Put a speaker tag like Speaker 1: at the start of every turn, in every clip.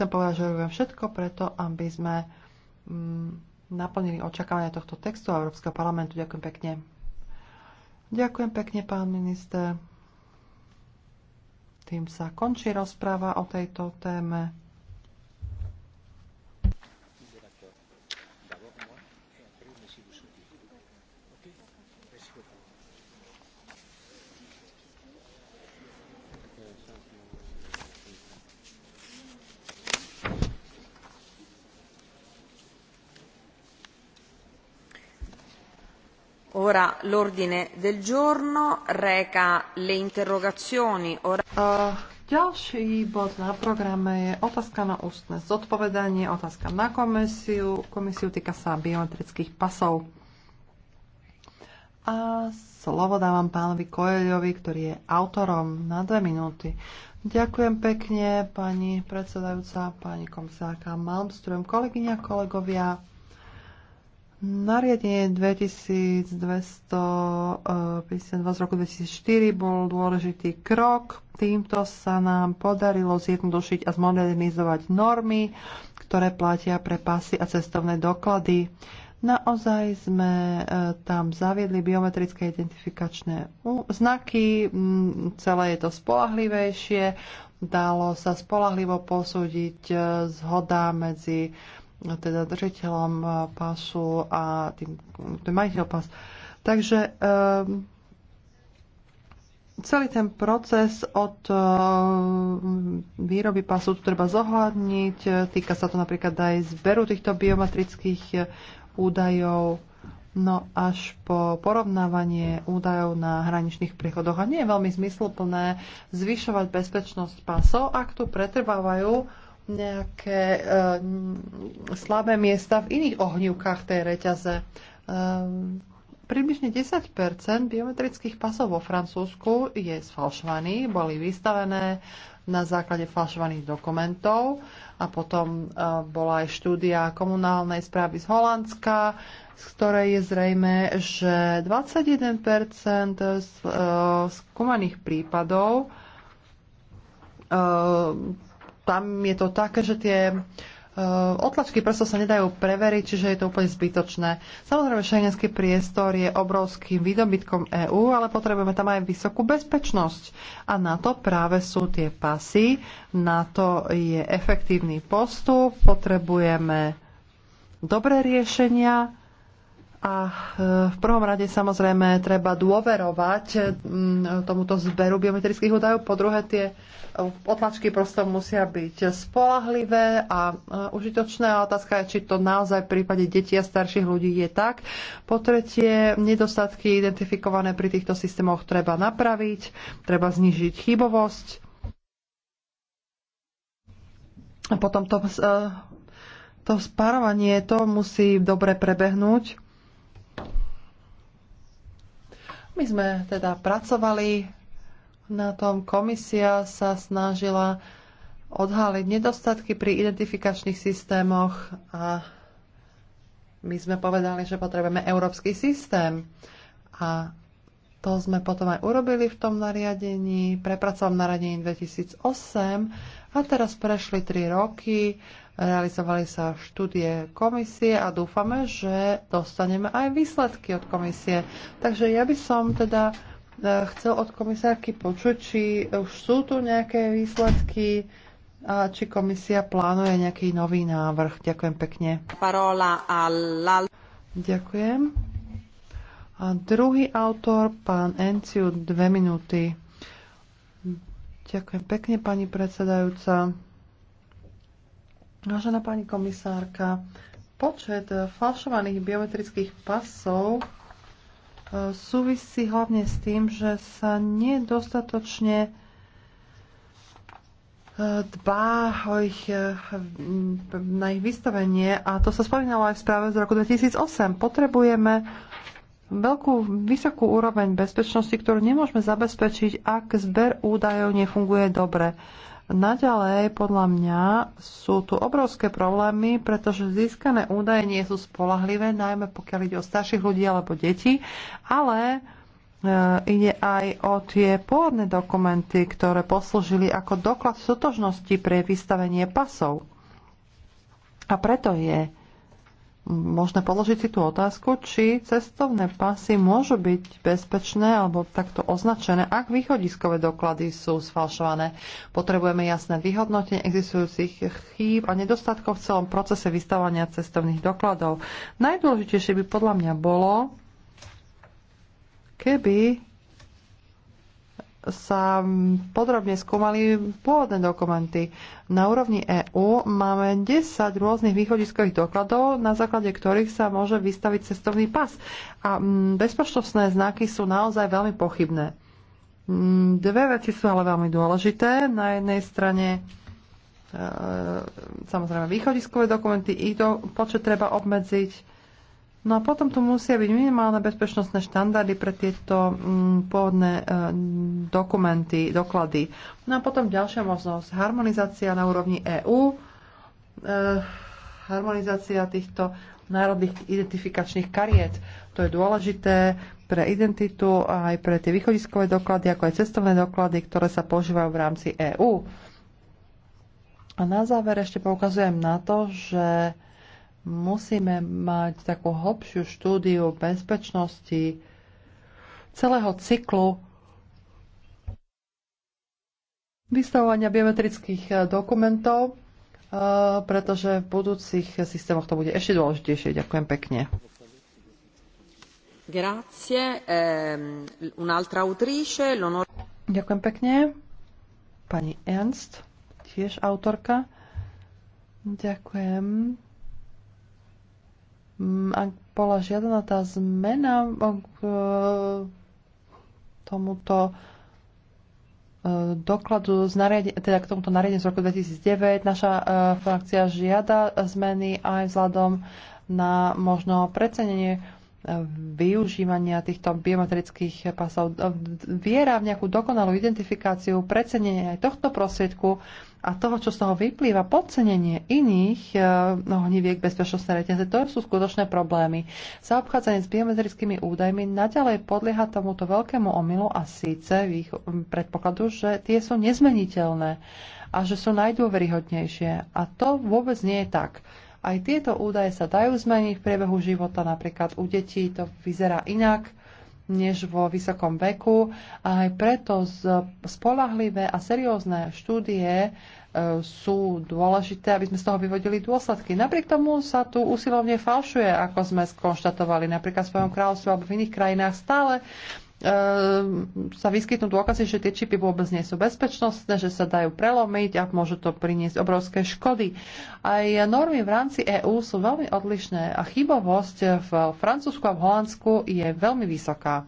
Speaker 1: Chcem povedať, že robím všetko preto, aby sme mm, naplnili očakávania tohto textu Európskeho parlamentu. Ďakujem pekne. Ďakujem pekne, pán minister. Tým sa končí rozpráva o tejto téme.
Speaker 2: l'ordine del giorno reca le interrogazioni.
Speaker 1: ďalší bod na programe je otázka na ústne zodpovedanie, otázka na komisiu. Komisiu týka sa biometrických pasov. A slovo dávam pánovi Koeľovi, ktorý je autorom na dve minúty. Ďakujem pekne, pani predsedajúca, pani komisárka Malmström, kolegyňa, kolegovia. Nariadenie 2252 z roku 2004 bol dôležitý krok. Týmto sa nám podarilo zjednodušiť a zmodernizovať normy, ktoré platia pre pasy a cestovné doklady. Naozaj sme e, tam zaviedli biometrické identifikačné znaky, celé je to spolahlivejšie, dalo sa spolahlivo posúdiť e, zhoda medzi teda držiteľom eh, pásu a tým, tým majiteľ pas. Takže um, celý ten proces od um, výroby pasu tu treba zohľadniť. Týka sa to napríklad aj zberu týchto biometrických eh, údajov no až po porovnávanie údajov na hraničných priechodoch. A nie je veľmi zmysluplné zvyšovať bezpečnosť pasov, ak tu pretrvávajú nejaké uh, slabé miesta v iných ohňukách tej reťaze. E, približne 10 biometrických pasov vo Francúzsku je sfalšovaný, boli vystavené na základe falšovaných dokumentov a potom uh, bola aj štúdia komunálnej správy z Holandska, z ktorej je zrejme, že 21 z, uh, skúmaných prípadov uh, tam je to také, že tie e, otlačky prstov sa nedajú preveriť, čiže je to úplne zbytočné. Samozrejme, šengenský priestor je obrovským výdobytkom EÚ, ale potrebujeme tam aj vysokú bezpečnosť. A na to práve sú tie pasy, na to je efektívny postup, potrebujeme dobré riešenia, a e, v prvom rade samozrejme treba dôverovať tomuto zberu biometrických údajov. Po druhé, tie e, otlačky prosto musia byť spolahlivé a e, užitočné. A otázka je, či to naozaj v prípade detí a starších ľudí je tak. Po tretie, nedostatky identifikované pri týchto systémoch treba napraviť, treba znižiť chybovosť. A potom to, to spárovanie, to musí dobre prebehnúť my sme teda pracovali na tom, komisia sa snažila odhaliť nedostatky pri identifikačných systémoch a my sme povedali, že potrebujeme európsky systém. A to sme potom aj urobili v tom nariadení, v nariadení 2008 a teraz prešli 3 roky Realizovali sa štúdie komisie a dúfame, že dostaneme aj výsledky od komisie. Takže ja by som teda e, chcel od komisárky počuť, či už sú tu nejaké výsledky a či komisia plánuje nejaký nový návrh. Ďakujem pekne. Parola alla... Ďakujem. A druhý autor, pán Enciu, dve minúty. Ďakujem pekne, pani predsedajúca. Vážená pani komisárka, počet falšovaných biometrických pasov e, súvisí hlavne s tým, že sa nedostatočne e, dbá o ich, e, na ich vystavenie a to sa spomínalo aj v správe z roku 2008. Potrebujeme veľkú, vysokú úroveň bezpečnosti, ktorú nemôžeme zabezpečiť, ak zber údajov nefunguje dobre. Naďalej, podľa mňa, sú tu obrovské problémy, pretože získané údaje nie sú spolahlivé, najmä pokiaľ ide o starších ľudí alebo deti, ale e, ide aj o tie pôvodné dokumenty, ktoré poslúžili ako doklad sotožnosti pre vystavenie pasov. A preto je možné položiť si tú otázku, či cestovné pasy môžu byť bezpečné alebo takto označené, ak východiskové doklady sú sfalšované. Potrebujeme jasné vyhodnotenie existujúcich chýb a nedostatkov v celom procese vystavania cestovných dokladov. Najdôležitejšie by podľa mňa bolo, keby sa podrobne skúmali pôvodné dokumenty. Na úrovni EÚ máme 10 rôznych východiskových dokladov, na základe ktorých sa môže vystaviť cestovný pas. A mm, bezpečnostné znaky sú naozaj veľmi pochybné. Mm, dve veci sú ale veľmi dôležité. Na jednej strane e, samozrejme východiskové dokumenty, ich do, počet treba obmedziť No a potom tu musia byť minimálne bezpečnostné štandardy pre tieto mm, pôvodné e, dokumenty, doklady. No a potom ďalšia možnosť, harmonizácia na úrovni EÚ, e, harmonizácia týchto národných identifikačných kariet. To je dôležité pre identitu a aj pre tie východiskové doklady, ako aj cestovné doklady, ktoré sa používajú v rámci EÚ. A na záver ešte poukazujem na to, že musíme mať takú hlbšiu štúdiu bezpečnosti celého cyklu vystavovania biometrických eh, dokumentov, eh, pretože v budúcich systémoch to bude ešte dôležitejšie. Ďakujem pekne.
Speaker 2: Grazie. Ehm, un'altra autrice, l'onor...
Speaker 1: Ďakujem pekne. Pani Ernst, tiež autorka. Ďakujem. Mm, ak bola žiadna tá zmena k e, tomuto e, dokladu z nariade, teda k tomuto nariadeniu z roku 2009. Naša e, frakcia žiada zmeny aj vzhľadom na možno precenenie využívania týchto biometrických pasov. Viera v nejakú dokonalú identifikáciu, precenenie aj tohto prostriedku a toho, čo z toho vyplýva, podcenenie iných eh, hníviek bezpečnostnej reťaze, to sú skutočné problémy. Zaobchádzanie s biometrickými údajmi naďalej podlieha tomuto veľkému omylu a síce v ich predpokladu, že tie sú nezmeniteľné a že sú najdôveryhodnejšie. A to vôbec nie je tak. Aj tieto údaje sa dajú zmeniť v priebehu života, napríklad u detí to vyzerá inak než vo vysokom veku. A aj preto spolahlivé a seriózne štúdie e, sú dôležité, aby sme z toho vyvodili dôsledky. Napriek tomu sa tu usilovne falšuje, ako sme skonštatovali napríklad v svojom kráľovstve alebo v iných krajinách stále Ehm, sa vyskytnú dôkazy, že tie čipy vôbec nie sú bezpečnostné, že sa dajú prelomiť a môžu to priniesť obrovské škody. Aj normy v rámci EÚ sú veľmi odlišné a chybovosť v Francúzsku a v Holandsku je veľmi vysoká.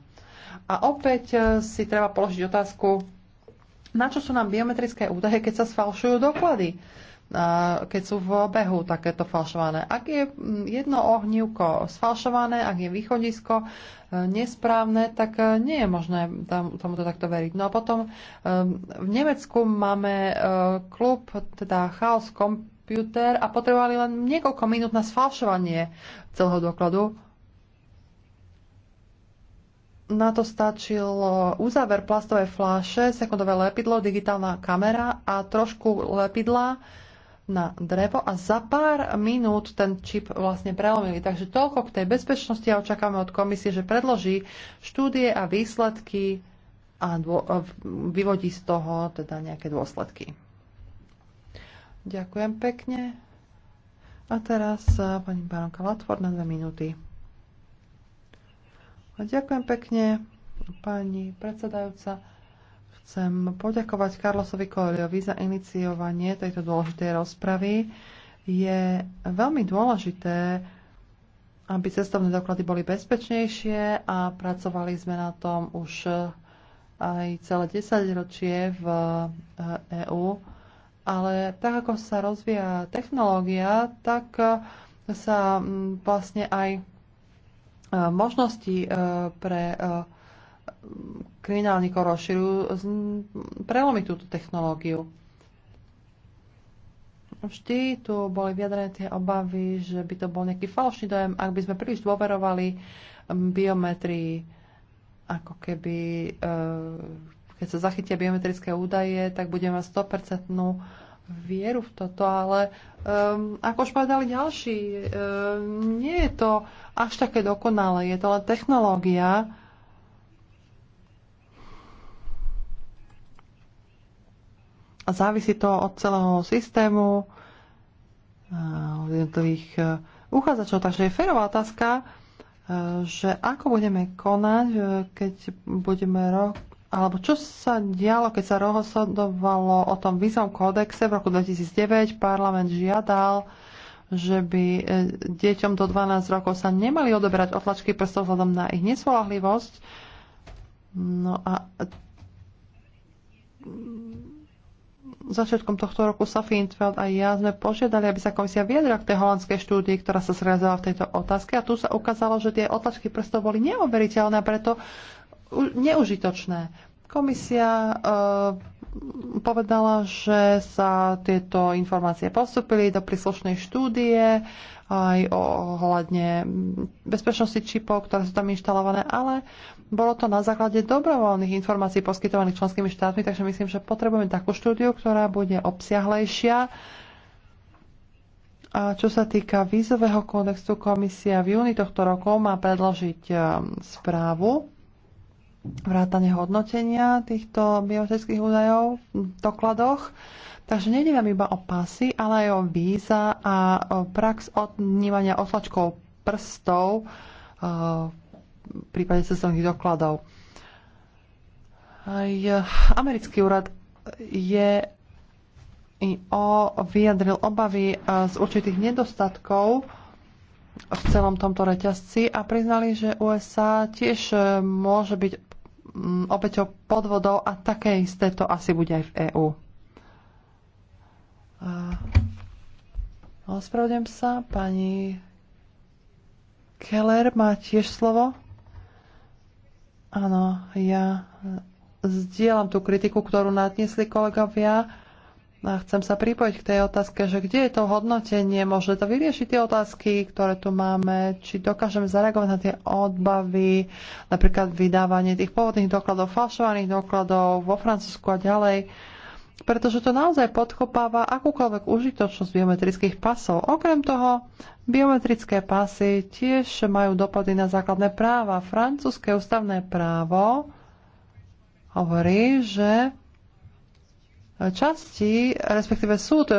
Speaker 1: A opäť eh, si treba položiť otázku, na čo sú nám biometrické údaje, keď sa sfalšujú doklady? keď sú v obehu takéto falšované. Ak je mm, jedno ohnívko sfalšované, ak je východisko e, nesprávne, tak e, nie je možné tomuto takto veriť. No a potom e, v Nemecku máme klub, teda Chaos Computer a potrebovali len niekoľko minút na sfalšovanie celého dokladu. Na to stačilo uzáver plastové fláše, sekundové lepidlo, digitálna kamera a trošku lepidla na drevo a za pár minút ten čip vlastne prelomili. Takže toľko k tej bezpečnosti a očakávame od komisie, že predloží štúdie a výsledky a vyvodí z toho teda nejaké dôsledky. Ďakujem pekne. A teraz e, pani baronka Latvor na dve minúty. A ďakujem pekne, pani predsedajúca. Chcem poďakovať Karlosovi Koeliovi za iniciovanie tejto dôležitej rozpravy. Je veľmi dôležité, aby cestovné doklady boli bezpečnejšie a pracovali sme na tom už eh, aj celé 10 ročie v EÚ. Eh, e Ale tak, ako sa rozvíja technológia, tak eh, sa mm, vlastne aj možnosti pre kriminálnikov rozširujú, prelomiť túto technológiu. Vždy tu boli vyjadrené tie obavy, že by to bol nejaký falošný dojem, ak by sme príliš dôverovali um, biometrii, ako keby uh, keď sa zachytia biometrické údaje, tak budeme mať 100% vieru v toto, ale um, ako už povedali ďalší, um, nie je to až také dokonalé, je to len technológia, A závisí to od celého systému, eh, od jednotlivých eh, uchádzačov. Takže je férová otázka, eh, že ako budeme konať, keď budeme rok, alebo čo sa dialo, keď sa rozhodovalo o tom výzvom kódexe v roku 2009, parlament žiadal, že by deťom do 12 rokov sa nemali odoberať otlačky prstov vzhľadom na ich nesvolahlivosť. No a začiatkom tohto roku sa Fintfeld a ja sme požiadali, aby sa komisia viedla k tej holandskej štúdii, ktorá sa zrealizovala v tejto otázke a tu sa ukázalo, že tie otlačky prstov boli neoveriteľné a preto neužitočné. Komisia povedala, že sa tieto informácie postupili do príslušnej štúdie aj ohľadne bezpečnosti čipov, ktoré sú tam inštalované, ale bolo to na základe dobrovoľných informácií poskytovaných členskými štátmi, takže myslím, že potrebujeme takú štúdiu, ktorá bude obsiahlejšia. A čo sa týka vízového kódexu, komisia v júni tohto roku má predložiť ehm, správu vrátane hodnotenia týchto biometrických údajov v dokladoch. Takže nejde vám iba o pasy, ale aj o víza a o prax odnímania otlačkov prstov e, v prípade cestovných dokladov. Aj e, americký úrad je o vyjadril obavy e, z určitých nedostatkov v celom tomto reťazci a priznali, že USA tiež môže byť obeťou podvodov a také isté to asi bude aj v EÚ. Ospravedlňujem sa, pani Keller má tiež slovo. Áno, ja zdieľam tú kritiku, ktorú nadniesli kolegovia a chcem sa pripojiť k tej otázke, že kde je to hodnotenie, môže to vyriešiť tie otázky, ktoré tu máme, či dokážeme zareagovať na tie odbavy, napríklad vydávanie tých pôvodných dokladov, falšovaných dokladov vo Francúzsku a ďalej pretože to naozaj podchopáva akúkoľvek užitočnosť biometrických pasov. Okrem toho, biometrické pasy tiež majú dopady na základné práva. Francúzske ústavné právo hovorí, že časti, respektíve súd e,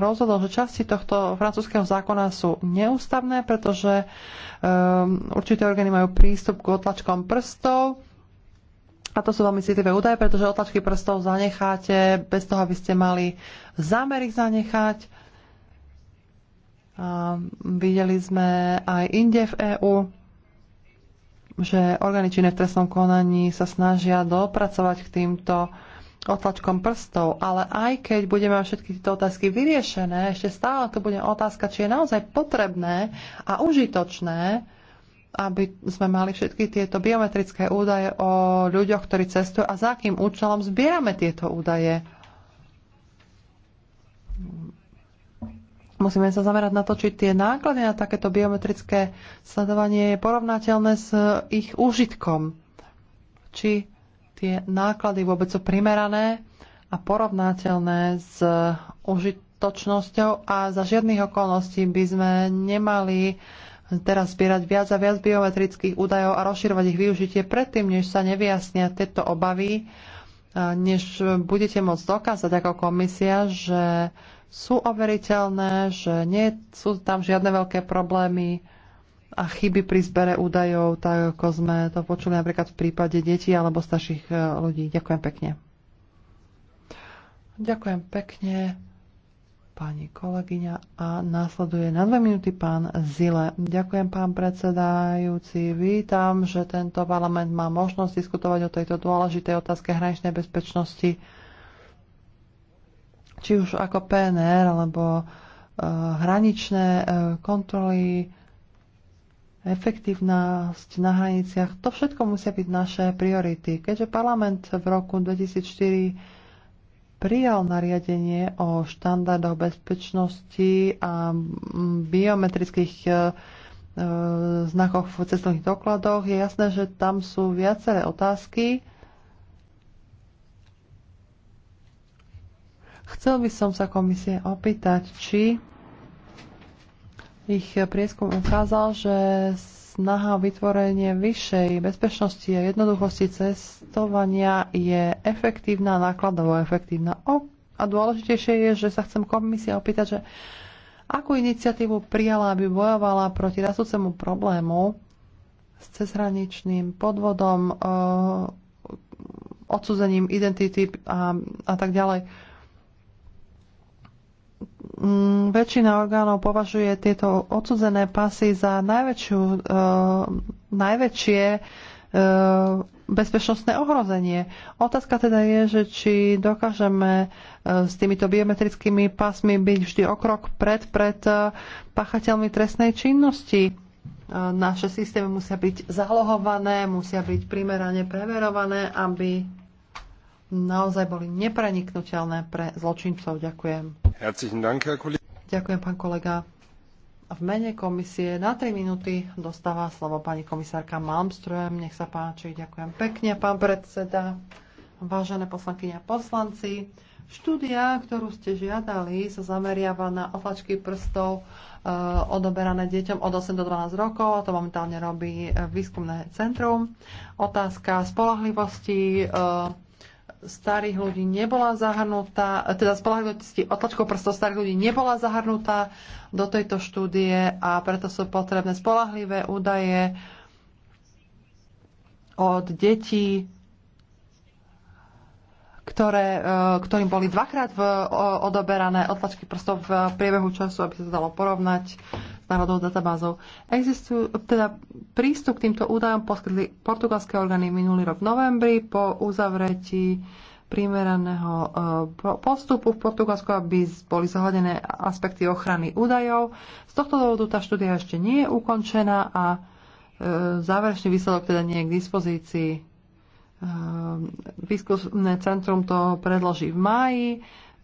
Speaker 1: rozhodol, že časti tohto francúzského zákona sú neústavné, pretože e, určité orgány majú prístup k otlačkom prstov a to sú veľmi citlivé údaje, pretože otlačky prstov zanecháte bez toho, aby ste mali zámer ich zanechať. A videli sme aj inde v EÚ, že orgány činné v trestnom konaní sa snažia dopracovať k týmto otlačkom prstov, ale aj keď budeme mať všetky tieto otázky vyriešené, ešte stále to bude otázka, či je naozaj potrebné a užitočné, aby sme mali všetky tieto biometrické údaje o ľuďoch, ktorí cestujú a za akým účelom zbierame tieto údaje. Musíme sa zamerať na to, či tie náklady na takéto biometrické sledovanie je porovnateľné s ich úžitkom. Či tie náklady vôbec sú primerané a porovnateľné s užitočnosťou a za žiadnych okolností by sme nemali teraz zbierať viac a viac biometrických údajov a rozširovať ich využitie predtým, než sa nevyjasnia tieto obavy, než budete môcť dokázať ako komisia, že sú overiteľné, že nie sú tam žiadne veľké problémy a chyby pri zbere údajov, tak ako sme to počuli napríklad v prípade detí alebo starších e, ľudí. Ďakujem pekne. Ďakujem pekne, pani kolegyňa. A následuje na dve minúty pán Zile. Ďakujem, pán predsedajúci. Vítam, že tento parlament má možnosť diskutovať o tejto dôležitej otázke hraničnej bezpečnosti, či už ako PNR, alebo uh, hraničné uh, kontroly efektívnosť na hraniciach, to všetko musia byť naše priority. Keďže parlament v roku 2004 prijal nariadenie o štandardoch bezpečnosti a mm, biometrických e, e, znakoch v cestovných dokladoch, je jasné, že tam sú viaceré otázky. Chcel by som sa komisie opýtať, či ich eh, prieskum ukázal, že snaha o vytvorenie vyššej bezpečnosti a jednoduchosti cestovania je efektívna, nákladovo efektívna. O, a dôležitejšie je, že sa chcem komisia opýtať, že akú iniciatívu prijala, aby bojovala proti rastúcemu problému s cezhraničným podvodom, e, eh, odsudzením identity a, a tak ďalej. Mm, väčšina orgánov považuje tieto odsudzené pasy za najväčšiu, e, najväčšie e, bezpečnostné ohrozenie. Otázka teda je, že či dokážeme e, s týmito biometrickými pasmi byť vždy o krok pred, pred e, pachateľmi trestnej činnosti. E, naše systémy musia byť zalohované, musia byť primerane preverované, aby naozaj boli nepreniknutelné pre zločincov. Ďakujem. Ďakujem, pán kolega. V mene komisie na 3 minúty dostáva slovo pani komisárka Malmström. Nech sa páči. Ďakujem pekne, pán predseda. Vážené poslankyne a poslanci, štúdia, ktorú ste žiadali, sa zameriava na otlačky prstov e, odoberané deťom od 8 do 12 rokov. A to momentálne robí eh, výskumné centrum. Otázka spolahlivosti e, starých ľudí nebola zahrnutá, teda spolahnutosti otlačkov prstov starých ľudí nebola zahrnutá do tejto štúdie a preto sú potrebné spolahlivé údaje od detí ktoré, e, ktorým boli dvakrát v, odoberané otlačky prstov v priebehu času, aby sa to dalo porovnať s národnou databázou. Existujú, teda prístup k týmto údajom poskytli portugalské orgány minulý rok v novembri po uzavretí primeraného e, postupu v Portugalsku, aby boli zohľadené aspekty ochrany údajov. Z tohto dôvodu tá štúdia ešte nie je ukončená a e, záverečný výsledok teda nie je k dispozícii. Ehm, výskumné centrum to predloží v máji.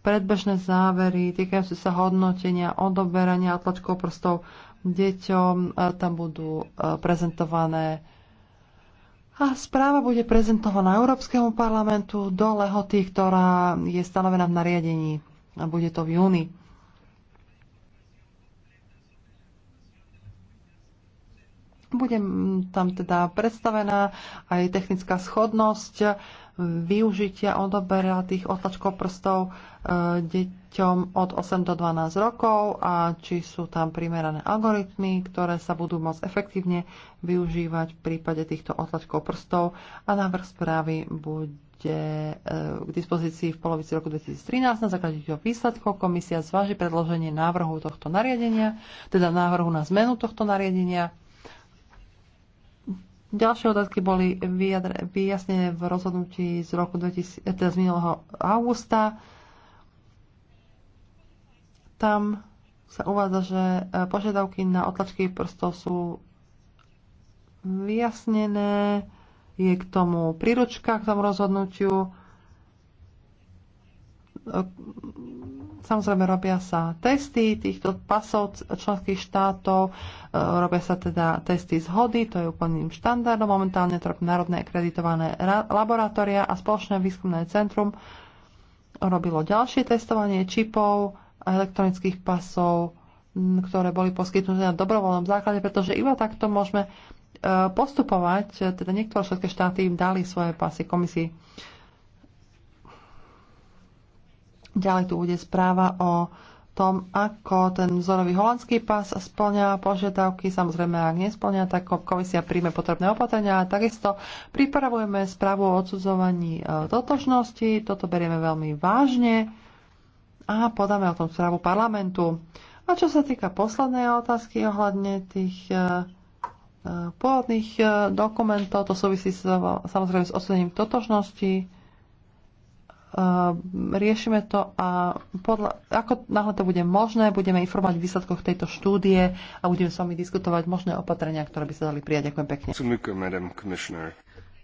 Speaker 1: Predbežné závery týkajúce sa hodnotenia, odoberania a tlačkov prstov deťom e, tam budú e, prezentované a správa bude prezentovaná Európskemu parlamentu do lehoty, ktorá je stanovená v nariadení a bude to v júni. Bude tam teda predstavená aj technická schodnosť využitia odobera tých otlačkov prstov e, deťom od 8 do 12 rokov a či sú tam primerané algoritmy, ktoré sa budú môcť efektívne využívať v prípade týchto otlačkov prstov a návrh správy bude e, k dispozícii v polovici roku 2013 na základe týchto výsledkov. Komisia zváži predloženie návrhu tohto nariadenia, teda návrhu na zmenu tohto nariadenia Ďalšie otázky boli vyjasnené v rozhodnutí z roku 2000, teda z minulého augusta. Tam sa uvádza, že e, požiadavky na otlačky prstov sú vyjasnené. Je k tomu príručka k tomu rozhodnutiu e, Samozrejme, robia sa testy týchto pasov členských štátov, e, robia sa teda testy zhody, to je úplným štandardom. Momentálne to národné akreditované laboratória a spoločné výskumné centrum robilo ďalšie testovanie čipov a elektronických pasov, ktoré boli poskytnuté na dobrovoľnom základe, pretože iba takto môžeme e, postupovať, teda niektoré všetky štáty im dali svoje pasy komisii. Ďalej tu bude správa o tom, ako ten vzorový holandský pás splňa požiadavky. Samozrejme, ak nesplňa, tak komisia príjme potrebné opatrenia. A takisto pripravujeme správu o odsudzovaní e, totožnosti. Toto berieme veľmi vážne a podáme o tom správu parlamentu. A čo sa týka poslednej otázky ohľadne tých e, e, pôvodných dokumentov, to súvisí samozrejme s odsudením totožnosti Ehm, riešime to a podľa, ako náhle to bude možné, budeme informovať o výsledkoch tejto štúdie a budeme s vami diskutovať možné opatrenia, ktoré by sa dali prijať. Ďakujem pekne.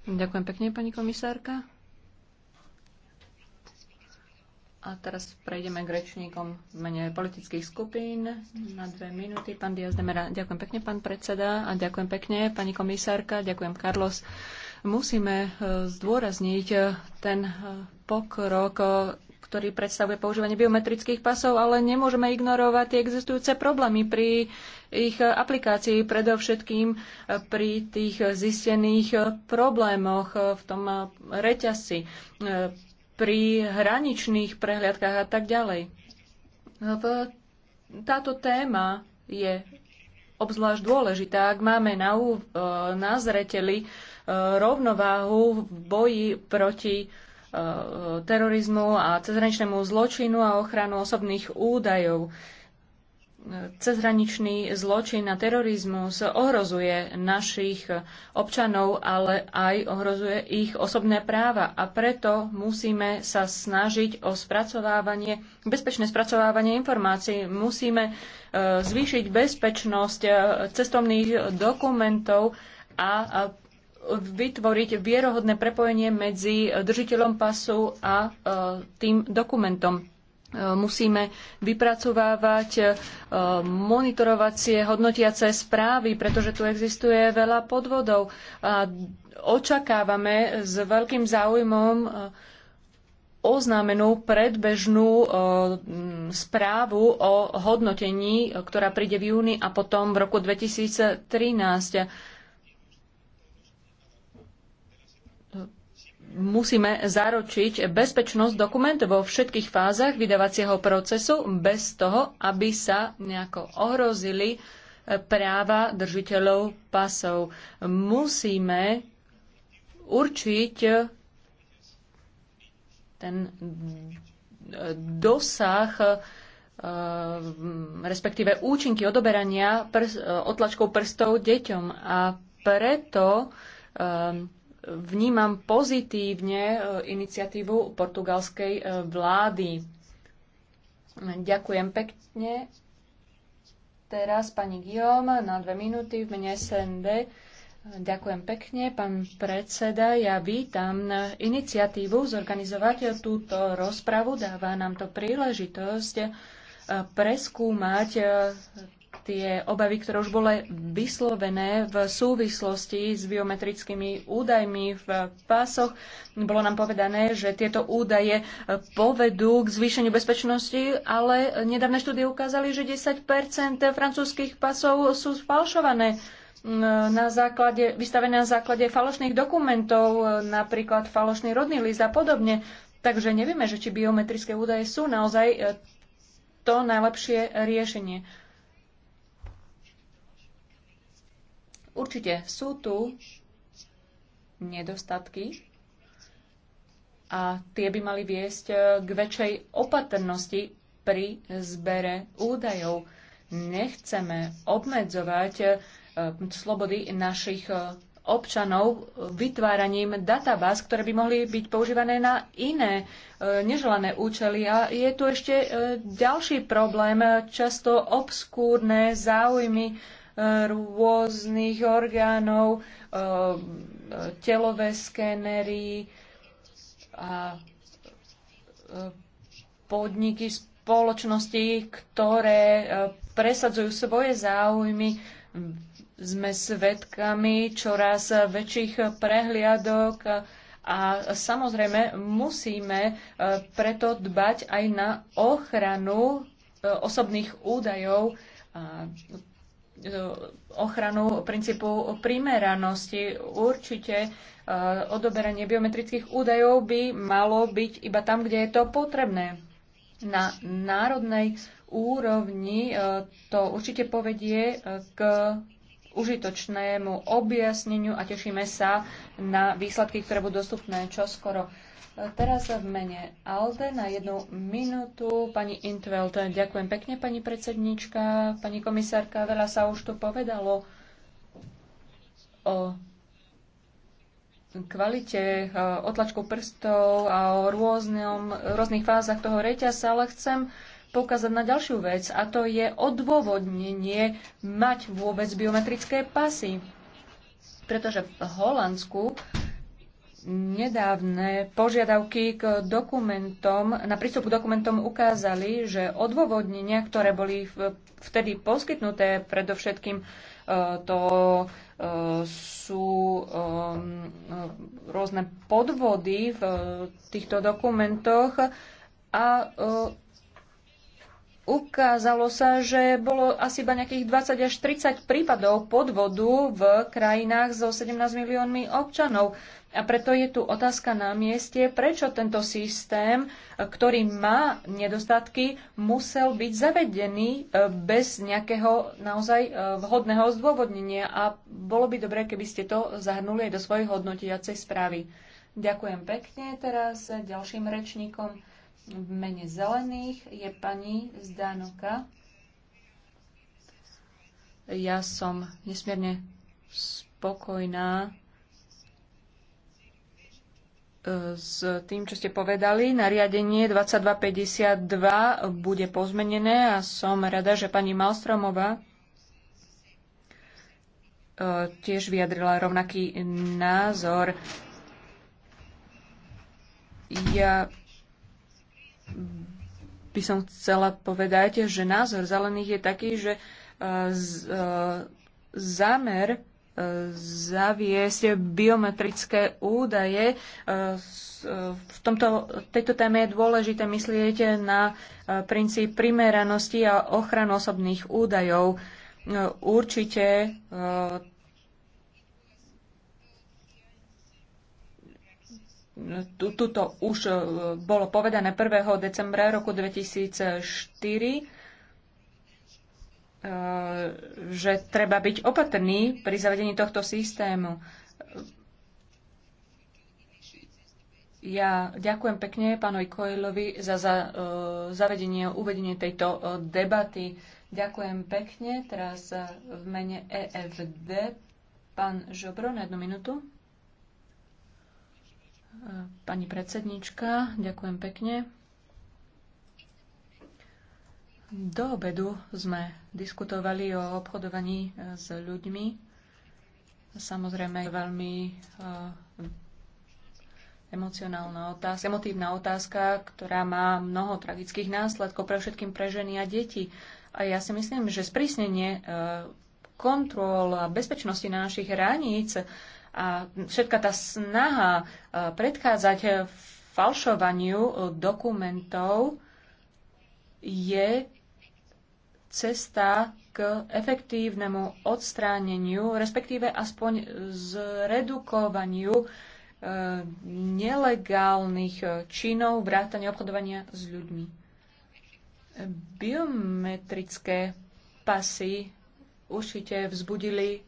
Speaker 2: Ďakujem pekne, pani komisárka. A teraz prejdeme k rečníkom mene politických skupín na dve minúty. Pán Diaz Demera, ďakujem pekne, pán predseda, a ďakujem pekne, pani komisárka, ďakujem, Carlos. Musíme e, zdôrazniť e, ten e, pokrok, ktorý predstavuje používanie biometrických pasov, ale nemôžeme ignorovať tie existujúce problémy pri ich aplikácii, predovšetkým pri tých zistených problémoch v tom reťasi, pri hraničných prehliadkách a tak ďalej. Táto téma je obzvlášť dôležitá, ak máme na, na zreteli rovnováhu v boji proti e, terorizmu a cezhraničnému zločinu a ochranu osobných údajov. Cezhraničný zločin a terorizmus ohrozuje našich občanov, ale aj ohrozuje ich osobné práva a preto musíme sa snažiť o spracovávanie, bezpečné spracovávanie informácií. Musíme e, zvýšiť bezpečnosť e, cestovných dokumentov a vytvoriť vierohodné prepojenie medzi držiteľom pasu a e, tým dokumentom. E, musíme vypracovávať e, monitorovacie, hodnotiace správy, pretože tu existuje veľa podvodov. A očakávame s veľkým záujmom oznámenú predbežnú správu o hodnotení, ktorá príde v júni a potom v roku 2013 musíme zaručiť bezpečnosť dokumentu vo všetkých fázach vydavacieho procesu bez toho, aby sa nejako ohrozili eh, práva držiteľov pasov. Musíme určiť eh, ten eh, dosah respektíve účinky odoberania prs, prstov deťom. A preto vnímam pozitívne e, iniciatívu portugalskej e, vlády. Ďakujem pekne. Teraz pani Guillaume na dve minúty v mene SND. Ďakujem pekne, pán predseda. Ja vítam iniciatívu zorganizovať túto rozpravu. Dáva nám to príležitosť e, preskúmať tie obavy, ktoré už boli vyslovené v súvislosti s biometrickými údajmi v pásoch. Bolo nám povedané, že tieto údaje povedú k zvýšeniu bezpečnosti, ale nedávne štúdie ukázali, že 10 francúzskych pasov sú sfalšované na základe, vystavené na základe falošných dokumentov, napríklad falošný rodný list a podobne. Takže nevieme, že či biometrické údaje sú naozaj to najlepšie riešenie. Určite sú tu nedostatky a tie by mali viesť e, k väčšej opatrnosti pri zbere údajov. Nechceme obmedzovať e, slobody našich e, občanov vytváraním databáz, ktoré by mohli byť používané na iné neželané účely. A je tu ešte ďalší problém, často obskúrne záujmy rôznych orgánov, eh, telové skénery a eh, podniky, spoločnosti, ktoré eh, presadzujú svoje záujmy. Sme svedkami čoraz väčších prehliadok a samozrejme musíme preto dbať aj na ochranu osobných údajov. A Eh, ochranu princípu primeranosti. Určite eh, odoberanie biometrických údajov by malo byť iba tam, kde je to potrebné. Na národnej úrovni eh, to určite povedie k užitočnému objasneniu a tešíme sa na výsledky, ktoré budú dostupné čoskoro. Teraz v mene ALDE na jednu minútu. Pani Intveld, ďakujem pekne, pani predsednička, pani komisárka. Veľa sa už tu povedalo o kvalite otlačkov prstov a o rôznom, rôznych fázach toho reťasa, ale chcem poukázať na ďalšiu vec a to je odôvodnenie mať vôbec biometrické pasy. Pretože v Holandsku Nedávne požiadavky k dokumentom, na prístup k dokumentom ukázali, že odôvodnenia, ktoré boli vtedy poskytnuté, predovšetkým e, to e, sú e, rôzne podvody v týchto dokumentoch a ukázalo sa, že bolo asi iba nejakých 20 až 30 prípadov podvodu v krajinách so 17 miliónmi občanov. A preto je tu otázka na mieste, prečo tento systém, ktorý má nedostatky, musel byť zavedený e, bez nejakého naozaj e, vhodného zdôvodnenia. A bolo by dobré, keby ste to zahrnuli aj do svojej hodnotiacej správy. Ďakujem pekne. Teraz ďalším rečníkom v mene zelených je pani Zdanoka. Ja som nesmierne spokojná s tým, čo ste povedali. Nariadenie 2252 bude pozmenené a som rada, že pani Malstromová e, tiež vyjadrila rovnaký názor. Ja by som chcela povedať, že názor zelených je taký, že e, e, zámer zaviesť biometrické údaje. E, e, v tomto, tejto téme je dôležité myslieť na e, princíp primeranosti a ochranu osobných údajov. Určite tuto už bolo povedané 1. decembra roku 2004 E, že treba byť opatrný pri zavedení tohto systému. Ja ďakujem pekne pánovi Koilovi za, za e, zavedenie, uvedenie tejto e, debaty. Ďakujem pekne. Teraz v mene EFD pán Žobro na jednu minútu. Pani predsednička, ďakujem pekne. Do obedu sme diskutovali o obchodovaní e, s ľuďmi. Samozrejme, veľmi e, emocionálna otázka, emotívna otázka, ktorá má mnoho tragických následkov pre všetkým pre ženy a deti. A ja si myslím, že sprísnenie e, kontrol a bezpečnosti na našich hraníc a všetka tá snaha predchádzať falšovaniu dokumentov je cesta k efektívnemu odstráneniu, respektíve aspoň zredukovaniu e, nelegálnych e, činov vrátania obchodovania s ľuďmi. Biometrické pasy určite vzbudili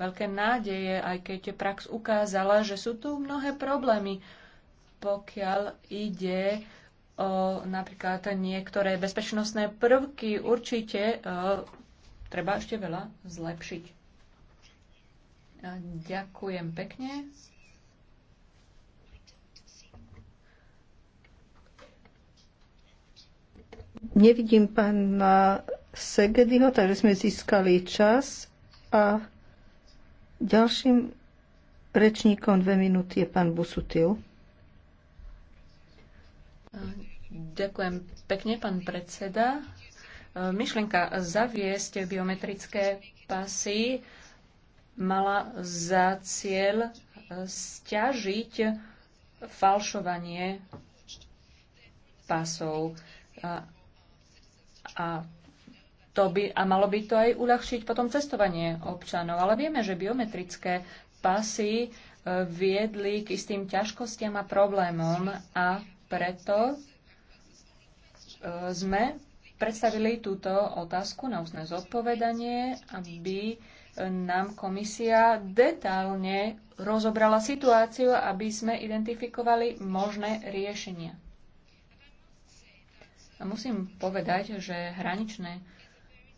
Speaker 2: veľké nádeje, aj keď prax ukázala, že sú tu mnohé problémy, pokiaľ ide napríklad niektoré bezpečnostné prvky určite treba ešte veľa zlepšiť. Ďakujem pekne.
Speaker 3: Nevidím pána Segedyho, takže sme získali čas. A ďalším rečníkom dve minúty je pán Busutil.
Speaker 2: Ďakujem pekne, pán predseda. Myšlienka zaviesť biometrické pasy mala za cieľ stiažiť falšovanie pasov. A, a, to by, a malo by to aj uľahčiť potom cestovanie občanov. Ale vieme, že biometrické pasy e, viedli k istým ťažkostiam a problémom a preto e, sme predstavili túto otázku na úsne zodpovedanie, aby nám komisia detálne rozobrala situáciu, aby sme identifikovali možné riešenia. A musím povedať, že hraničné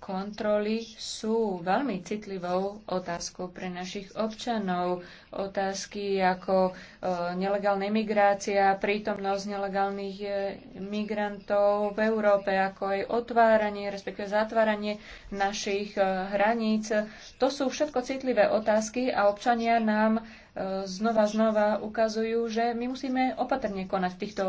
Speaker 2: kontroly sú veľmi citlivou otázkou pre našich občanov. Otázky ako e, nelegálna migrácia, prítomnosť nelegálnych e, migrantov v Európe, ako aj otváranie, respektíve zatváranie našich e, hraníc. To sú všetko citlivé otázky a občania nám znova znova ukazujú, že my musíme opatrne konať v týchto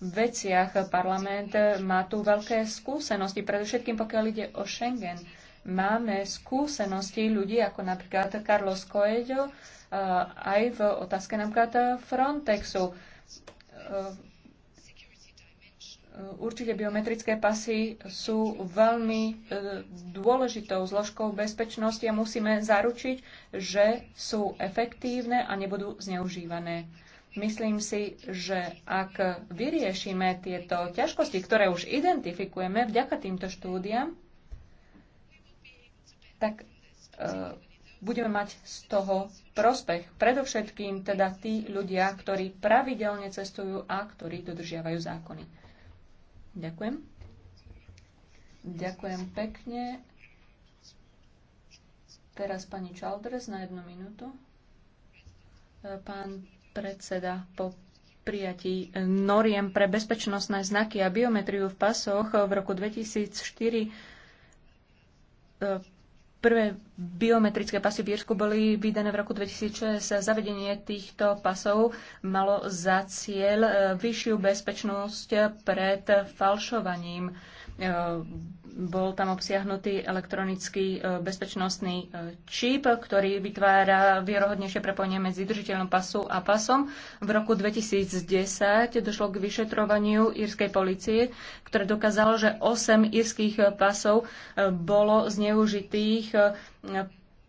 Speaker 2: veciach. Parlament má tu veľké skúsenosti, predovšetkým pokiaľ ide o Schengen. Máme skúsenosti ľudí ako napríklad Carlos Coelho eh, aj v otázke napríklad Frontexu eh, Eh, určite biometrické pasy sú veľmi eh, dôležitou zložkou bezpečnosti a musíme zaručiť, že sú efektívne a nebudú zneužívané. Myslím si, že ak vyriešime tieto ťažkosti, ktoré už identifikujeme vďaka týmto štúdiam, tak e, budeme mať z toho prospech. Predovšetkým teda tí ľudia, ktorí pravidelne cestujú a ktorí dodržiavajú zákony. Ďakujem. Ďakujem pekne. Teraz pani Čaldres na jednu minútu. E, pán predseda, po prijatí e, noriem pre bezpečnostné znaky a biometriu v pasoch v roku 2004 Prvé biometrické pasy v Írsku boli vydané v roku 2006. Zavedenie týchto pasov malo za cieľ eh, vyššiu bezpečnosť pred falšovaním. Ehm, bol tam obsiahnutý elektronický e, bezpečnostný e, čip, ktorý vytvára vierohodnejšie prepojenie medzi držiteľom pasu a pasom. V roku 2010 došlo k vyšetrovaniu írskej policie, ktoré dokázalo, že 8 írskych pasov e, bolo zneužitých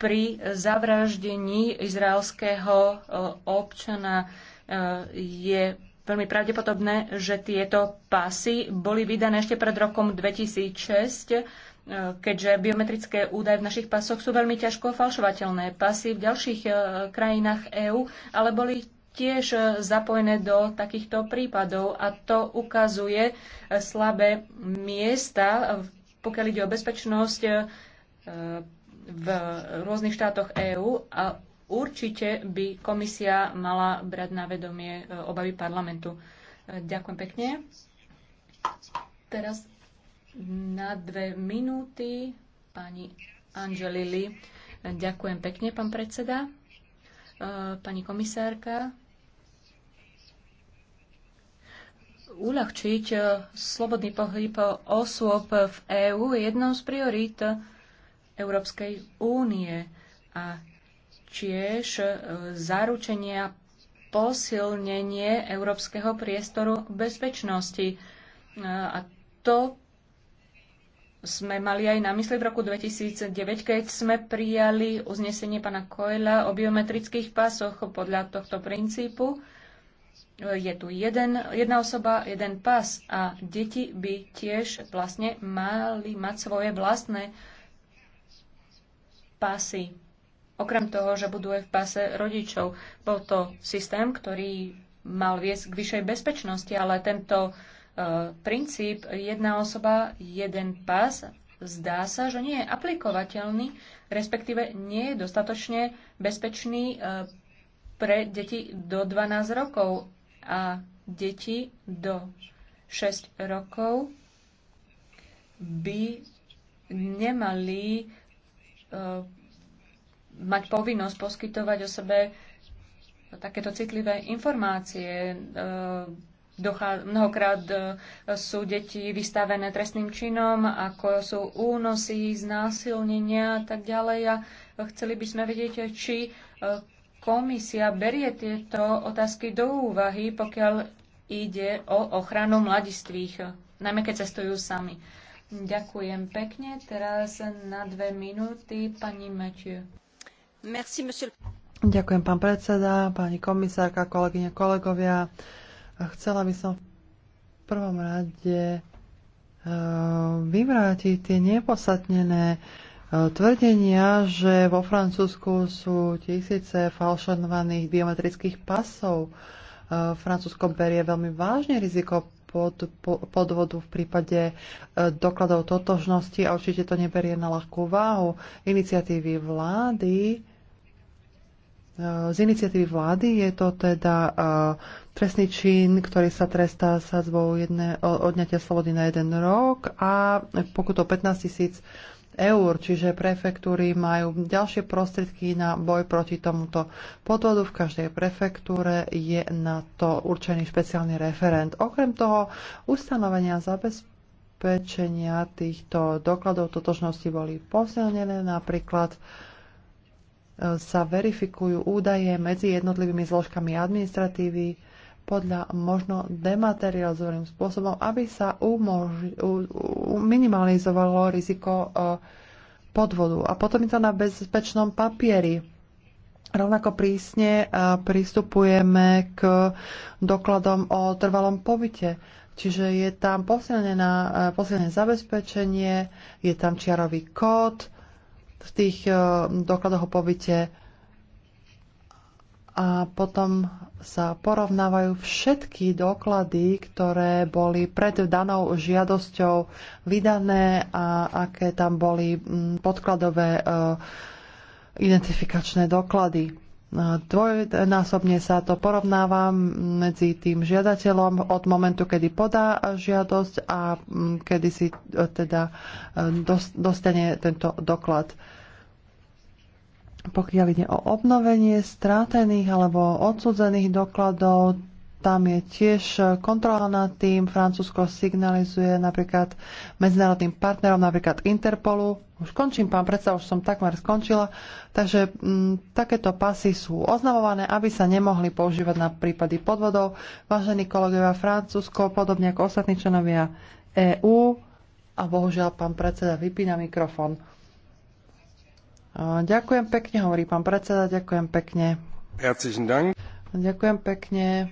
Speaker 2: pri zavraždení izraelského občana. Je veľmi pravdepodobné, že tieto pasy boli vydané ešte pred rokom 2006, e, keďže biometrické údaje v našich pasoch sú veľmi ťažko falšovateľné. Pasy v ďalších e, krajinách EÚ ale boli tiež e, zapojené do takýchto prípadov a to ukazuje slabé miesta, pokiaľ ide o bezpečnosť v rôznych štátoch EÚ a Určite by komisia mala brať na vedomie e, obavy parlamentu. E, ďakujem pekne. Teraz na dve minúty pani Angelili. E, ďakujem pekne, pán predseda. Pani komisárka, uľahčiť slobodný pohyb osôb v EÚ je jednou z priorít Európskej únie. A tiež e, zaručenia posilnenie európskeho priestoru bezpečnosti. E, a to sme mali aj na mysli v roku 2009, keď sme prijali uznesenie pana Koela o biometrických pasoch podľa tohto princípu. E, je tu jeden, jedna osoba, jeden pas a deti by tiež vlastne mali mať svoje vlastné pasy. Okrem toho, že buduje v páse rodičov. Bol to systém, ktorý mal viesť k vyššej bezpečnosti, ale tento e, princíp jedna osoba, jeden pás zdá sa, že nie je aplikovateľný, respektíve nie je dostatočne bezpečný e, pre deti do 12 rokov a deti do 6 rokov by nemali e, mať povinnosť poskytovať o sebe takéto citlivé informácie. E, mnohokrát e, sú deti vystavené trestným činom, ako sú únosy, znásilnenia a tak ďalej. A chceli by sme vedieť, či e, komisia berie tieto otázky do úvahy, pokiaľ ide o ochranu mladistvých, najmä keď cestujú sami. Ďakujem pekne. Teraz na dve minúty pani Mathieu.
Speaker 1: Ďakujem, pán predseda, pani komisárka, kolegyne, kolegovia. Chcela by som v prvom rade e, vyvrátiť tie nepodstatnené e, tvrdenia, že vo Francúzsku sú tisíce falšovaných biometrických pasov. E, Francúzsko berie veľmi vážne riziko pod, podvodu v prípade dokladov totožnosti a určite to neberie na ľahkú váhu. Iniciatívy vlády z iniciatívy vlády je to teda e, trestný čin, ktorý sa trestá sa zbou jedne, odňatia slobody na jeden rok a pokutou 15 tisíc eur, čiže prefektúry majú ďalšie prostriedky na boj proti tomuto podvodu. V každej prefektúre je na to určený špeciálny referent. Okrem toho ustanovenia zabezpečenia týchto dokladov totožnosti boli posilnené napríklad sa verifikujú údaje medzi jednotlivými zložkami administratívy podľa možno dematerializovaným spôsobom, aby sa umož- u- u- minimalizovalo riziko e, podvodu. A potom je to na bezpečnom papieri. Rovnako prísne e, pristupujeme k dokladom o trvalom pobyte. Čiže je tam e, posilnené zabezpečenie, je tam čiarový kód, v tých eh, dokladoch o pobyte a potom sa porovnávajú všetky doklady, ktoré boli pred danou žiadosťou vydané a aké tam boli mm, podkladové eh, identifikačné doklady. Dvojnásobne sa to porovnáva medzi tým žiadateľom od momentu, kedy podá žiadosť a mm, kedy si e, teda e, dostane tento doklad. Pokiaľ ide o obnovenie strátených alebo odsudzených dokladov, tam je tiež kontrola nad tým. Francúzsko signalizuje napríklad medzinárodným partnerom, napríklad Interpolu. Už končím, pán predsa, už som takmer skončila. Takže m, mm, takéto pasy sú oznamované, aby sa nemohli používať na prípady podvodov. Vážení kolegovia, Francúzsko, podobne ako ostatní členovia EÚ, a bohužiaľ pán predseda vypína mikrofón. Ďakujem pekne, hovorí pán predseda, ďakujem pekne.
Speaker 4: Herzlichen Dank.
Speaker 1: Ďakujem pekne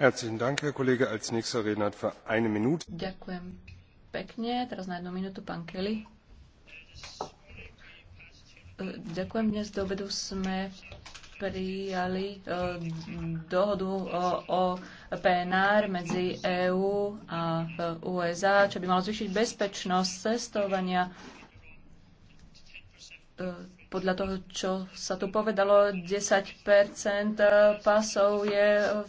Speaker 4: Ďakujem
Speaker 2: pekne. Teraz na jednu minútu pán Kelly. E, ďakujem. Dnes do obedu sme prijali e, dohodu e, o, o PNR medzi EÚ a USA, čo by malo zvýšiť bezpečnosť cestovania podľa toho, čo sa tu povedalo, 10 pasov je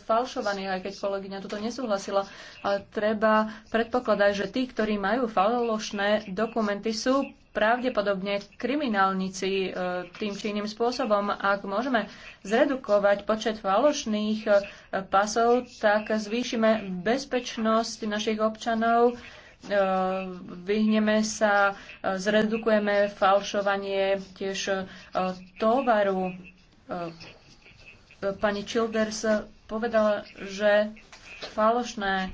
Speaker 2: falšovaných, aj keď kolegyňa toto nesúhlasila. Ale treba predpokladať, že tí, ktorí majú falošné dokumenty, sú pravdepodobne kriminálnici e, tým či iným spôsobom. Ak môžeme zredukovať počet falošných e, pasov, tak zvýšime bezpečnosť našich občanov E, vyhneme sa, e, zredukujeme falšovanie tiež e, tovaru. Pani Childers povedala, že falošné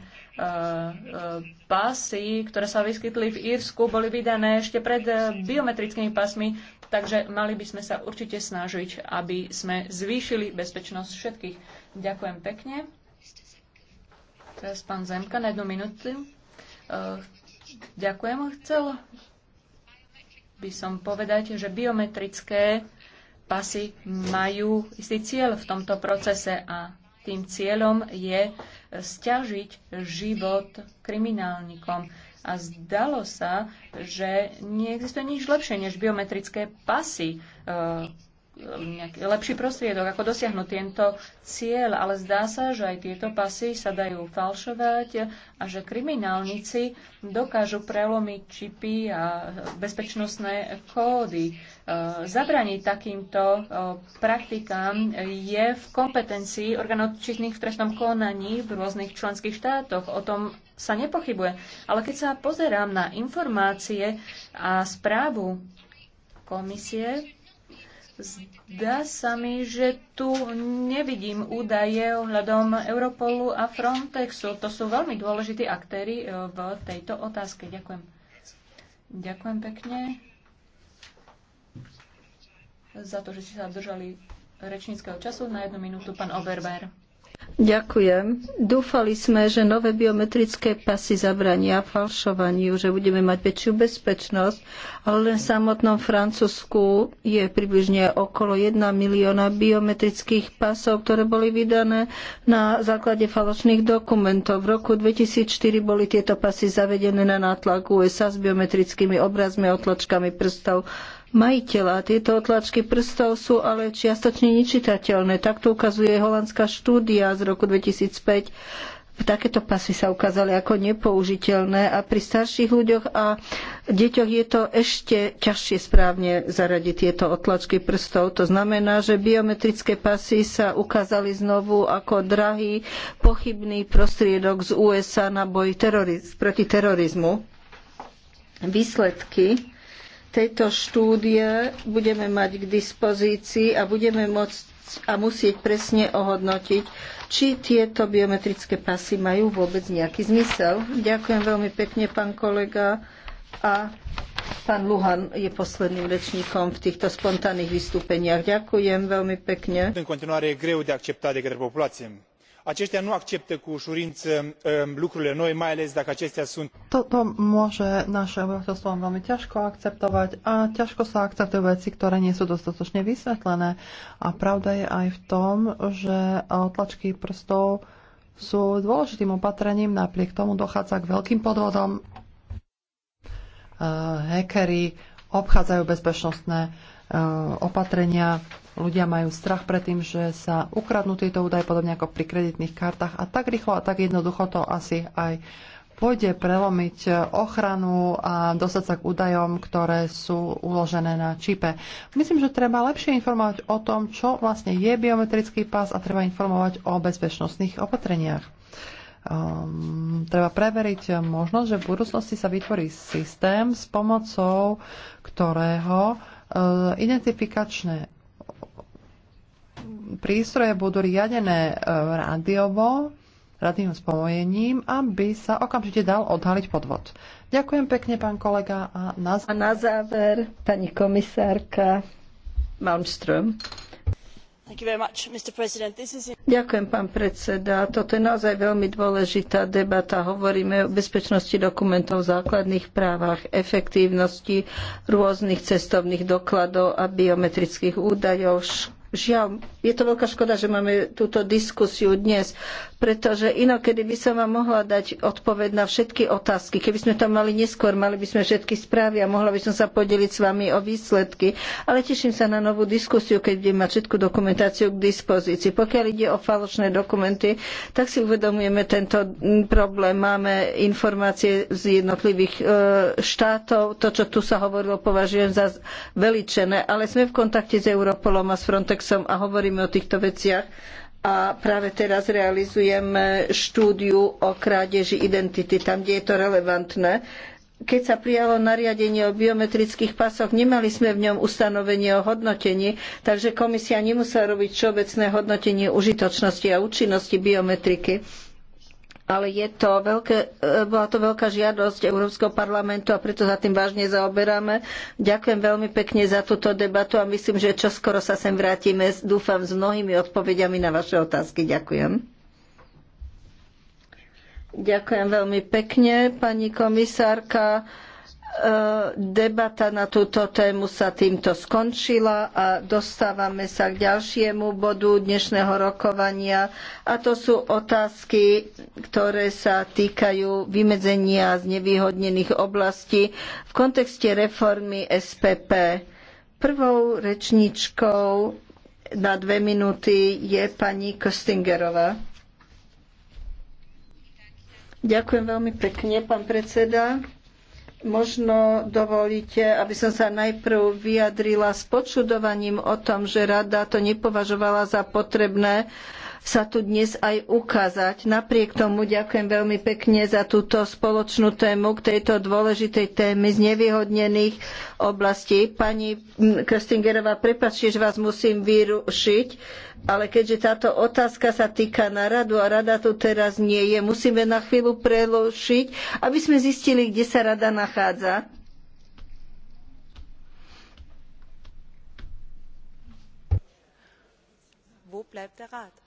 Speaker 2: pasy, ktoré sa vyskytli v Írsku, boli vydané ešte pred biometrickými pasmi, takže mali by sme sa určite snažiť, aby sme zvýšili bezpečnosť všetkých. Ďakujem pekne. Teraz pán Zemka na jednu minútu. Eh, ďakujem. Chcel by som povedať, že biometrické pasy majú istý cieľ v tomto procese a tým cieľom je stiažiť život kriminálnikom. A zdalo sa, že neexistuje nič lepšie než biometrické pasy eh, nejaký lepší prostriedok, ako dosiahnuť tento cieľ, ale zdá sa, že aj tieto pasy sa dajú falšovať a že kriminálnici dokážu prelomiť čipy a bezpečnostné kódy. E, zabraniť takýmto e, praktikám je v kompetencii orgánov činných v trestnom konaní v rôznych členských štátoch. O tom sa nepochybuje. Ale keď sa pozerám na informácie a správu komisie, Zdá sa mi, že tu nevidím údaje ohľadom Europolu a Frontexu. To sú veľmi dôležití aktéry e, v tejto otázke. Ďakujem. Ďakujem pekne za to, že ste sa držali rečníckého času. Na jednu minútu pán Oberber.
Speaker 3: Ďakujem. Dúfali sme, že nové biometrické pasy zabrania falšovaniu, že budeme mať väčšiu bezpečnosť, ale len v samotnom Francúzsku je približne okolo 1 milióna biometrických pasov, ktoré boli vydané na základe falošných dokumentov. V roku 2004 boli tieto pasy zavedené na nátlak USA s biometrickými obrazmi a otlačkami prstov majiteľa. Tieto otlačky prstov sú ale čiastočne nečitateľné. Tak to ukazuje holandská štúdia z roku 2005. Takéto pasy sa ukázali ako nepoužiteľné a pri starších ľuďoch a deťoch je to ešte ťažšie správne zaradiť tieto otlačky prstov. To znamená, že biometrické pasy sa ukázali znovu ako drahý, pochybný prostriedok z USA na boj teroriz- proti terorizmu. Výsledky tejto štúdie budeme mať k dispozícii a budeme môcť a musieť presne ohodnotiť, či tieto biometrické pasy majú vôbec nejaký zmysel. Ďakujem veľmi pekne, pán kolega. A pán Luhan je posledným rečníkom v týchto spontánnych vystúpeniach. Ďakujem veľmi pekne.
Speaker 4: continuare e greu de acceptat de către populație acetia nu acceptă cu uurină um, lucrurile noi mai ales dacă acestea sunt
Speaker 1: Toto môže naše obyvateľstvo veľmi ťažko akceptovať a ťažko sa akceptujú veci, ktoré nie sú dostatočne vysvetlené. A pravda je aj v tom, že eh, tlačky prstov sú dôležitým opatrením, napriek tomu dochádza k veľkým podvodom. Hekery eh, obchádzajú bezpečnostné eh, opatrenia, Ľudia majú strach pred tým, že sa ukradnú tieto údaje, podobne ako pri kreditných kartách. A tak rýchlo a tak jednoducho to asi aj pôjde prelomiť ochranu a dostať sa k údajom, ktoré sú uložené na čipe. Myslím, že treba lepšie informovať o tom, čo vlastne je biometrický pás a treba informovať o bezpečnostných opatreniach. Um, treba preveriť možnosť, že v budúcnosti sa vytvorí systém, s pomocou ktorého uh, identifikačné prístroje budú riadené e, rádiovo, radným spojením, aby sa okamžite dal odhaliť podvod. Ďakujem pekne, pán kolega. A na, a na záver, pani komisárka
Speaker 3: Malmström. Much, is... Ďakujem, pán predseda. Toto je naozaj veľmi dôležitá debata. Hovoríme o bezpečnosti dokumentov, základných právach, efektívnosti rôznych cestovných dokladov a biometrických údajov, Žiaľ, je to veľká škoda, že máme túto diskusiu dnes pretože inokedy by som vám mohla dať odpoveď na všetky otázky. Keby sme to mali neskôr, mali by sme všetky správy a mohla by som sa podeliť s vami o výsledky. Ale teším sa na novú diskusiu, keď budem mať všetku dokumentáciu k dispozícii. Pokiaľ ide o falošné dokumenty, tak si uvedomujeme tento problém. Máme informácie z jednotlivých e, štátov. To, čo tu sa hovorilo, považujem za veličené, ale sme v kontakte s Europolom a s Frontexom a hovoríme o týchto veciach a práve teraz realizujeme štúdiu o krádeži identity, tam, kde je to relevantné. Keď sa prijalo nariadenie o biometrických pasoch, nemali sme v ňom ustanovenie o hodnotení, takže komisia nemusela robiť všeobecné hodnotenie užitočnosti a účinnosti biometriky ale je to veľké, e, bola to veľká žiadosť Európskeho parlamentu a preto sa tým vážne zaoberáme. Ďakujem veľmi pekne za túto debatu a myslím, že čoskoro sa sem vrátime, dúfam, s mnohými odpovediami na vaše otázky. Ďakujem. Ďakujem veľmi pekne, pani komisárka. E, debata na túto tému sa týmto skončila a dostávame sa k ďalšiemu bodu dnešného rokovania a to sú otázky, ktoré sa týkajú vymedzenia z nevýhodnených oblastí v kontexte reformy SPP. Prvou rečníčkou na dve minúty je pani Kostingerová. Ďakujem veľmi pekne, pán predseda. Možno dovolíte, aby som sa najprv vyjadrila s počudovaním o tom, že rada to nepovažovala za potrebné sa tu dnes aj ukázať. Napriek tomu ďakujem veľmi pekne za túto spoločnú tému k tejto dôležitej téme z nevyhodnených oblastí. Pani Krstingerová, prepačte, že vás musím vyrušiť, ale keďže táto otázka sa týka na radu a rada tu teraz nie je, musíme na chvíľu prerušiť, aby sme zistili, kde sa rada nachádza.
Speaker 2: Wo bleibt der Rat?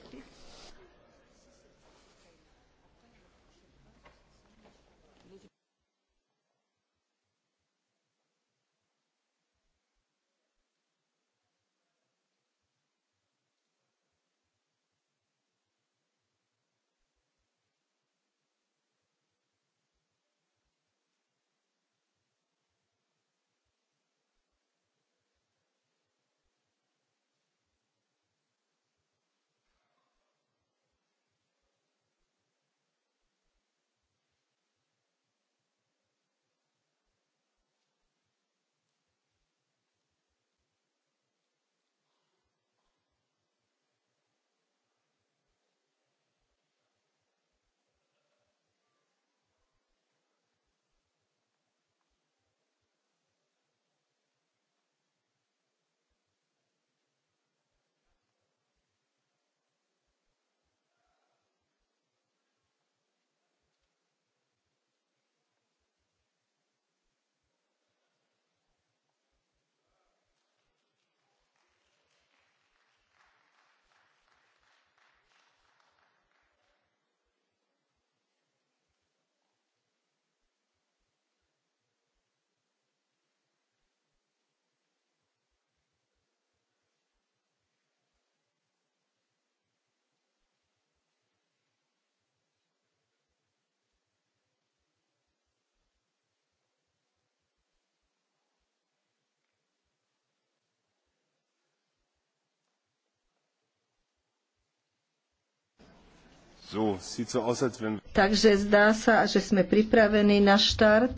Speaker 3: Takže zdá sa, že sme pripravení na štart,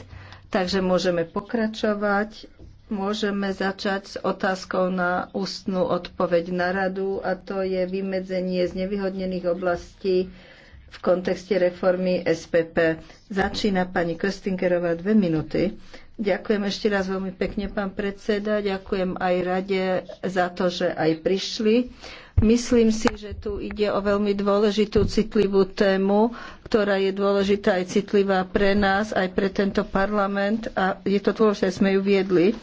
Speaker 3: takže môžeme pokračovať. Môžeme začať s otázkou na ústnu odpoveď na radu a to je vymedzenie z nevyhodnených oblastí v kontexte reformy SPP. Začína pani Köstingerová dve minúty. Ďakujem ešte raz veľmi pekne, pán predseda. Ďakujem aj rade za to, že aj prišli. Myslím si, že tu ide o veľmi dôležitú citlivú tému, ktorá je dôležitá aj citlivá pre nás, aj pre tento parlament a je to dôležité, sme ju viedli.